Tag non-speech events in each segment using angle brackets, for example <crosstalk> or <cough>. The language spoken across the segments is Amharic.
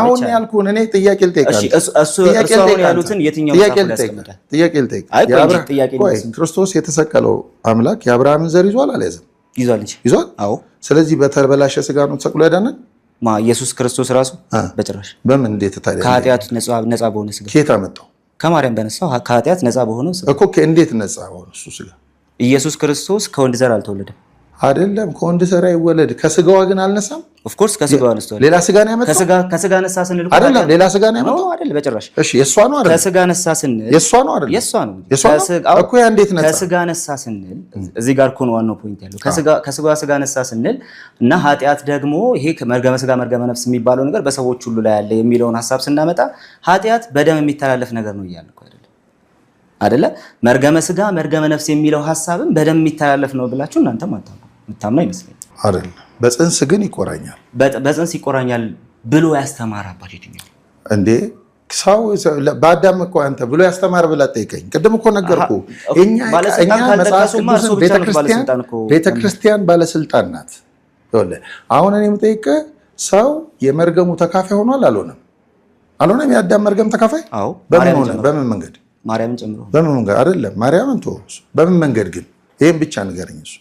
አሁን ያልኩን እኔ ጥያቄ ልጠይቅህ። እሱ ያሉትን የትኛው ጥያቄ ልጠይቅህ። ክርስቶስ የተሰቀለው አምላክ የአብርሃምን ዘር ይዟል አልያዘም? ይዟል እንጂ ይዟል። አዎ። ስለዚህ በተበላሸ ስጋ ነው ተሰቅሎ ያዳነን ኢየሱስ ክርስቶስ ራሱ። በጭራሽ በምን እንዴት ታዲያ ከኃጢአት ነፃ በሆነ ስጋ ከየት አመጣው? ከማርያም በነሳው ከኃጢአት ነፃ በሆነ ስጋ እኮ። እንዴት ነፃ በሆነ እሱ ስጋ ኢየሱስ ክርስቶስ ከወንድ ዘር አልተወለደም። አይደለም ከወንድ ሰራ ይወለድ ከስጋዋ ግን አልነሳም። ኦፍኮርስ ከስጋዋ አነስተዋል። ሌላ ስጋ ነው ያመጣው። ከስጋ ነሳ ስንል አይደለም ሌላ ስጋ ነው ያመጣው አይደለም በጭራሽ። እሺ የሷ ነው አይደለም። ከስጋ ነሳ ስንል የሷ ነው አይደለም። የሷ ነው ነው እኮ ያ እንዴት ነሳ? ከስጋ ነሳ ስንል እዚህ ጋር እኮ ነው ዋናው ፖይንት ያለው። ከስጋ ከስጋዋ ስጋ ነሳ ስንል እና ኃጢአት ደግሞ ይሄ መርገመ ስጋ መርገመ ነፍስ የሚባለው ነገር በሰዎች ሁሉ ላይ ያለ የሚለውን ሀሳብ ስናመጣ ኃጢአት በደም የሚተላለፍ ነገር ነው እያልን እኮ አይደለ። መርገመ ስጋ መርገመ ነፍስ የሚለው ሀሳብም በደም የሚተላለፍ ነው ብላችሁ እናንተም አታውቁ የምታምነው አይመስለኝም። አይደል? በጽንስ ግን ይቆራኛል። በጽንስ ይቆራኛል ብሎ ያስተማረ አባት የትኛው እንዴ? ሰው በአዳም እኮ አንተ ብሎ ያስተማር ብላ ጠይቀኝ። ቅድም እኮ ነገርኩ። ቤተክርስቲያን ባለስልጣን ናት። አሁን እኔ የምጠይቀህ ሰው የመርገሙ ተካፋይ ሆኗል አልሆነም? አልሆነም። የአዳም መርገም ተካፋይ በምን ሆነ? በምን መንገድ? ማርያምን ጨምሮ በምን መንገድ? አይደለም ማርያምን ተወው። በምን መንገድ ግን ይህም ብቻ ንገረኝ እሱ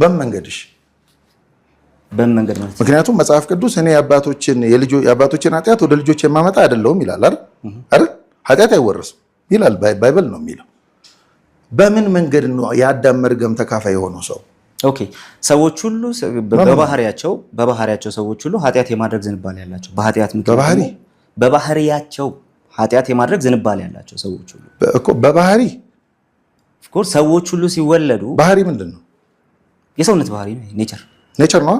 በመንገድሽ በመንገድ ማለት ምክንያቱም መጽሐፍ ቅዱስ እኔ የአባቶችን የአባቶችን ኃጢአት ወደ ልጆች የማመጣ አይደለሁም ይላል አይደል? ኃጢአት አይወረስም ይላል ባይብል ነው የሚለው። በምን መንገድ ነው የአዳም መርገም ተካፋይ የሆነው ሰው? ኦኬ ሰዎች ሁሉ በባህሪያቸው በባህሪያቸው ሰዎች ሁሉ ኃጢአት የማድረግ ዝንባሌ ያላቸው በኃጢአት ምክንያት በባህሪያቸው ኃጢአት የማድረግ ዝንባሌ ያላቸው ሰዎች ሁሉ እኮ በባህሪ ኦፍ ሰዎች ሁሉ ሲወለዱ ባህሪ ምንድን ነው? የሰውነት ባህሪ ነው። ኔቸር ኔቸር ነው።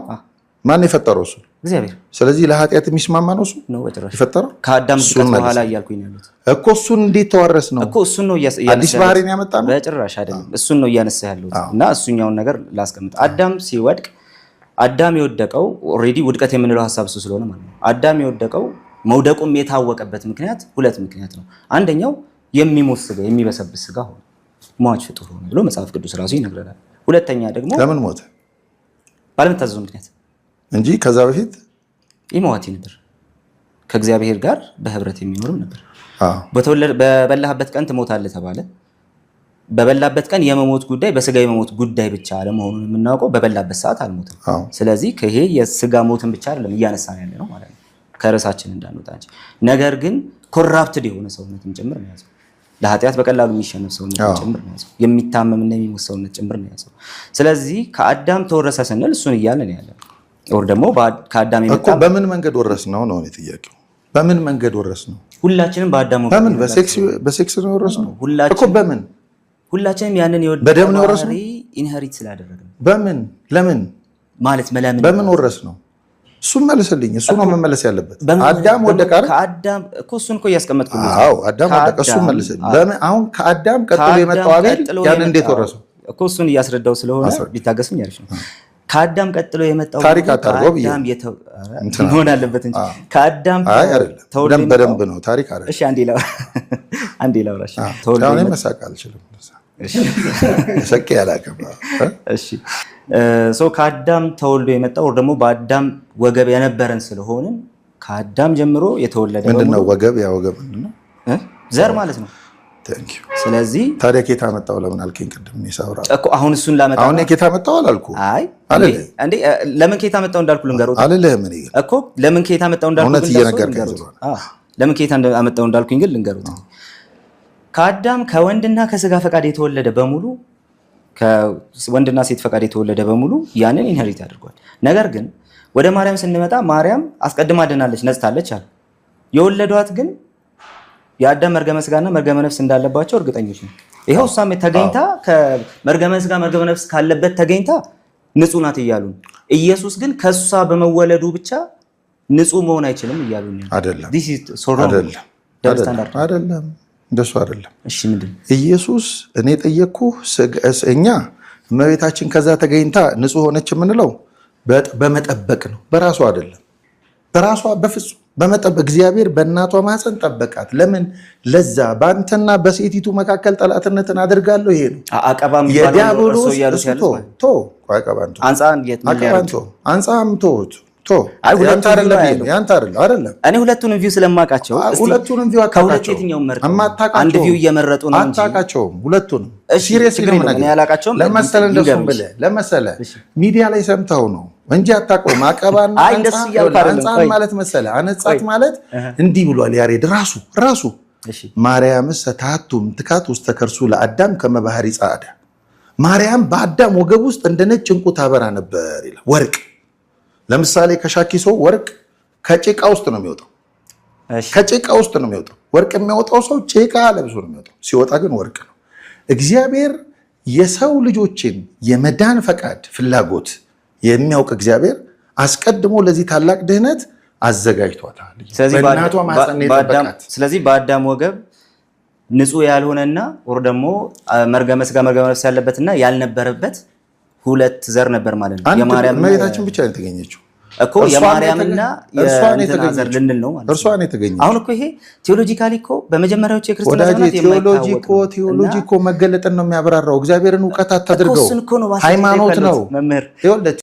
ማን የፈጠረው? እሱ እግዚአብሔር። ስለዚህ ለኃጢአት የሚስማማ ነው እሱ ነው በጭራሽ የፈጠረው። ከአዳም ዝቀት በኋላ እያልኩኝ ነው ያሉት እኮ። እሱን እንዴት ተዋረስ ነው እኮ። እሱን ነው አዲስ ባህሪ ነው ያመጣ ነው። በጭራሽ አይደለም። እሱን ነው እያነሳ ያሉት እና እሱኛውን ነገር ላስቀምጥ። አዳም ሲወድቅ አዳም የወደቀው ኦልሬዲ ውድቀት የምንለው ሀሳብ እሱ ስለሆነ ማለት ነው። አዳም የወደቀው መውደቁም የታወቀበት ምክንያት ሁለት ምክንያት ነው። አንደኛው የሚሞት ስጋ የሚበሰብስ ስጋ ሆነ ሟች ፍጡር ሆነ ብሎ መጽሐፍ ቅዱስ ራሱ ይነግረናል። ሁለተኛ ደግሞ ለምን ሞተ? ባለመታዘዙ ምክንያት እንጂ ከዛ በፊት ኢማዋቲ ነበር። ከእግዚአብሔር ጋር በህብረት የሚኖርም ነበር። በበላህበት ቀን ትሞታለህ ተባለ። በበላበት ቀን የመሞት ጉዳይ በስጋ የመሞት ጉዳይ ብቻ አለመሆኑን የምናውቀው በበላበት ሰዓት አልሞትም። ስለዚህ ይሄ የስጋ ሞትን ብቻ አይደለም እያነሳን ያለ ነው ማለት ነው። ከርዕሳችን እንዳንወጣ ነገር ግን ኮራፕትድ የሆነ ሰውነት ጭምር ነው ያዘው። ለኃጢአት በቀላሉ የሚሸነፍ ሰውነት ጭምር ነው ያዘው። የሚታመምና የሚሞት ሰውነት ጭምር ነው ያዘው። ስለዚህ ከአዳም ተወረሰ ስንል እሱን ነው ያለ ወር ደግሞ ከአዳም የመጣ በምን መንገድ ወረስ ነው ነው ጥያቄው። በምን መንገድ ወረስ ነው? ሁላችንም በአዳም በምን በሴክስ ነው ወረስ ነው እኮ በምን ሁላችንም ያንን የወደ በደም ነው ወረስ ነው ኢንሄሪት ስላደረግን በምን ለምን ማለት መላምን በምን ወረስ ነው እሱን መልስልኝ። እሱ ነው መመለስ ያለበት። አዳም ወደቀ። ከአዳም እኮ እሱን እኮ እያስቀመጥኩ ነው። አዎ አዳም ወደቀ። እሱን መልስልኝ። ለምን አሁን ከአዳም ቀጥሎ የመጣው አቤል ያን እንዴት ወረሰው? እኮ እሱን እያስረዳው ስለሆነ ቢታገስም ያለሽ ነው። ከአዳም ቀጥሎ የመጣው ታሪክ አታርገው ብዬ መሆን አለበት እንጂ ከአዳም በደንብ ነው ታሪክ። እሺ አንዴ ላውራሽ። <laughs> ተወልዶ መሳቅ አልችልም ሰቄ አላውቅም። ሰው ከአዳም ተወልዶ የመጣ ወር ደግሞ በአዳም ወገብ የነበረን ስለሆንን ከአዳም ጀምሮ የተወለደ ምንድነው? ወገብ ያ ወገብ ዘር ማለት ነው። ስለዚህ ታዲያ ኬታ መጣው ለምን አልከኝ? ቅድም ሳውራ እኮ አሁን እሱን ላመጣ አሁን ኬታ መጣው አላልኩ። አይ እንዴ ለምን ኬታ መጣው እንዳልኩ ልንገረው አልልህም እኮ ለምን ኬታ መጣው እንዳልኩ እውነት እየነገርከኝ ለምን ኬታ መጣው እንዳልኩኝ ግን ልንገሩት ከአዳም ከወንድና ከስጋ ፈቃድ የተወለደ በሙሉ ከወንድና ሴት ፈቃድ የተወለደ በሙሉ ያንን ኢንሄሪት አድርጓል። ነገር ግን ወደ ማርያም ስንመጣ ማርያም አስቀድማ ድናለች፣ ነጽታለች አለ። የወለዷት ግን የአዳም መርገመ ስጋና መርገመ ነፍስ እንዳለባቸው እርግጠኞች ነው። ይኸው እሷም ተገኝታ መርገመ ስጋ መርገመ ነፍስ ካለበት ተገኝታ ንጹህ ናት እያሉ ኢየሱስ ግን ከእሷ በመወለዱ ብቻ ንጹህ መሆን አይችልም እያሉ አይደለም። እንደሱ አይደለም። ኢየሱስ እኔ ጠየቅኩ እኛ እመቤታችን ከዛ ተገኝታ ንጹህ ሆነች የምንለው በመጠበቅ ነው፣ በራሷ አይደለም። በራሷ በፍጹም በመጠበቅ እግዚአብሔር በእናቷ ማህፀን ጠበቃት። ለምን? ለዛ በአንተና በሴቲቱ መካከል ጠላትነትን አድርጋለሁ። ይሄ ነው የዲያብሎስ አንጻ አንቶ እኔ ሁለቱንም ቪው ስለማውቃቸው መርጠው አንድ ቪው እየመረጡ ነው አታውቃቸውም። ሁለቱንም ሲሪየስ ሚዲያ ላይ ነው እንጂ አታውቀውም። ማለት አነጻት ማለት እንዲህ ብሏል ያሬድ ራሱ ራሱ ለአዳም ከመባህሪ ጻዕዳ ማርያም በአዳም ወገብ ውስጥ እንደ ነጭ እንቁ ታበራ ነበር ይላል ወርቅ ለምሳሌ ከሻኪሶ ወርቅ ከጭቃ ውስጥ ነው የሚወጣው። ከጭቃ ውስጥ ነው የሚወጣው። ወርቅ የሚያወጣው ሰው ጭቃ ለብሶ ነው የሚወጣው። ሲወጣ ግን ወርቅ ነው። እግዚአብሔር የሰው ልጆችን የመዳን ፈቃድ ፍላጎት የሚያውቅ እግዚአብሔር አስቀድሞ ለዚህ ታላቅ ድህነት አዘጋጅቷታል። ስለዚህ በአዳም ወገብ ንጹህ ያልሆነና ር ደግሞ መርገመ ስጋ መርገመ ነፍስ ያለበትና ያልነበረበት ሁለት ዘር ነበር ማለት ነው። የማርያም እመቤታችን ብቻ ነው የተገኘችው እኮ የማርያምና የእንትና ዘር ልንል ነው ማለት እርሷ ነው የተገኘችው። አሁን እኮ ይሄ ቴዎሎጂካሊ እኮ በመጀመሪያዎቹ የክርስትና ዘመናት ቴዎሎጂ እኮ ቴዎሎጂ እኮ መገለጥን ነው የሚያብራራው። እግዚአብሔርን እውቀት አታድርገው፣ ሃይማኖት ነው። መምህር ይኸውልህ